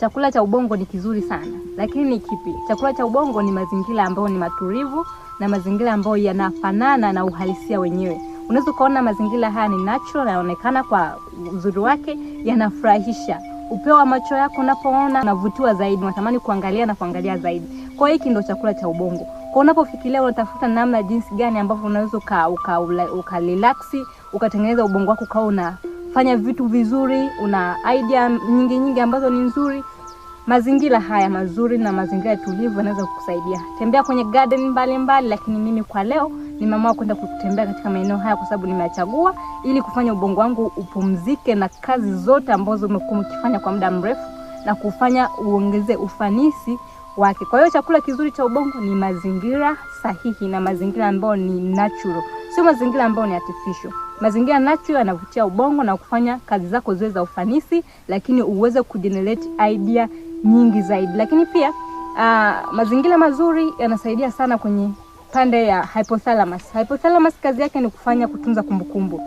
Chakula cha ubongo ni kizuri sana, lakini ni kipi? Chakula cha ubongo ni mazingira ambayo ni matulivu na mazingira ambayo yanafanana na uhalisia wenyewe. Unaweza ukaona mazingira haya ni natural, yanaonekana kwa uzuri wake, yanafurahisha. Upeo wa macho yako unapoona, unavutiwa zaidi, unatamani kuangalia na kuangalia zaidi. Kwa hiyo hiki ndio chakula cha ubongo. Kwa unapofikiria, unatafuta namna jinsi gani ambavyo unaweza uka, uka, uka relax ukatengeneza ubongo wako ukawa una unafanya vitu vizuri, una idea nyingi nyingi ambazo ni nzuri. Mazingira haya mazuri na mazingira tulivu yanaweza kukusaidia. Tembea kwenye garden mbalimbali mbali, lakini mimi kwa leo nimeamua kwenda kutembea katika maeneo haya kwa sababu nimeachagua ili kufanya ubongo wangu upumzike na kazi zote ambazo umekuwa ukifanya kwa muda mrefu na kufanya uongeze ufanisi wake. Kwa hiyo chakula kizuri cha ubongo ni mazingira sahihi na mazingira ambayo ni natural, sio mazingira ambayo ni artificial. Mazingira native yanavutia ubongo na kufanya kazi zako ziwe za ufanisi, lakini uweze kujenerate idea nyingi zaidi. Lakini pia uh, mazingira mazuri yanasaidia sana kwenye pande ya hypothalamus. Hypothalamus kazi yake ni kufanya kutunza kumbukumbu.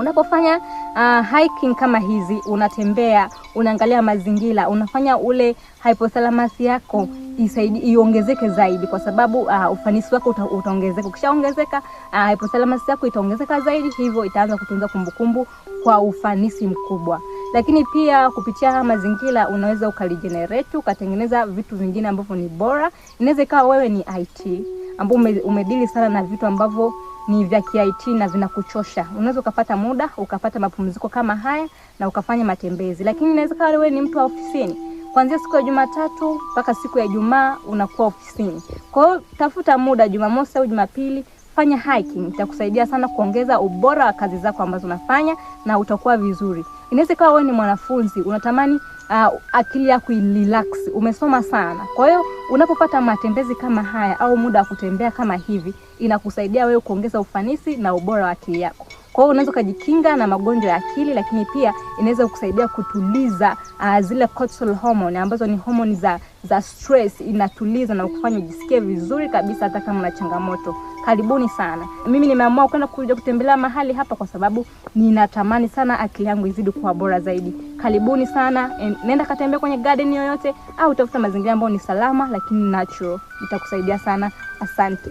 Unapofanya uh, hiking kama hizi, unatembea, unaangalia mazingira, unafanya ule hypothalamus yako isaidi iongezeke zaidi, kwa sababu uh, ufanisi wako uta, utaongezeka. Ukishaongezeka uh, ah, hypothalamus yako itaongezeka zaidi, hivyo itaanza kutunza kumbukumbu kwa ufanisi mkubwa. Lakini pia kupitia mazingira unaweza ukalijenerate ukatengeneza vitu vingine ambavyo ni bora. Inaweza ikawa wewe ni IT ambao umedili sana na vitu ambavyo ni vya kit na vinakuchosha, unaweza ukapata muda ukapata mapumziko kama haya na ukafanya matembezi. Lakini inaweza kawa wewe ni mtu wa ofisini, kuanzia siku ya Jumatatu mpaka siku ya Ijumaa unakuwa ofisini. Kwa hiyo tafuta muda Jumamosi au Jumapili fanya hiking, itakusaidia sana kuongeza ubora wa kazi zako ambazo unafanya na utakuwa vizuri. Inaweza ikawa wewe ni mwanafunzi unatamani uh, akili yako irelax, umesoma sana. Kwa hiyo unapopata matembezi kama haya au muda wa kutembea kama hivi, inakusaidia wewe kuongeza ufanisi na ubora wa akili yako. Kwa hiyo unaweza ukajikinga na magonjwa ya akili, lakini pia inaweza kukusaidia kutuliza uh, zile cortisol hormone ambazo ni homoni za, za stress. Inatuliza na kufanya ujisikie vizuri kabisa hata kama una changamoto. Karibuni sana. Mimi nimeamua kwenda kuja kutembelea mahali hapa kwa sababu ninatamani sana akili yangu izidi kuwa bora zaidi. Karibuni sana, nenda katembea kwenye garden yoyote au tafuta mazingira ambayo ni salama lakini natural, itakusaidia sana. Asante.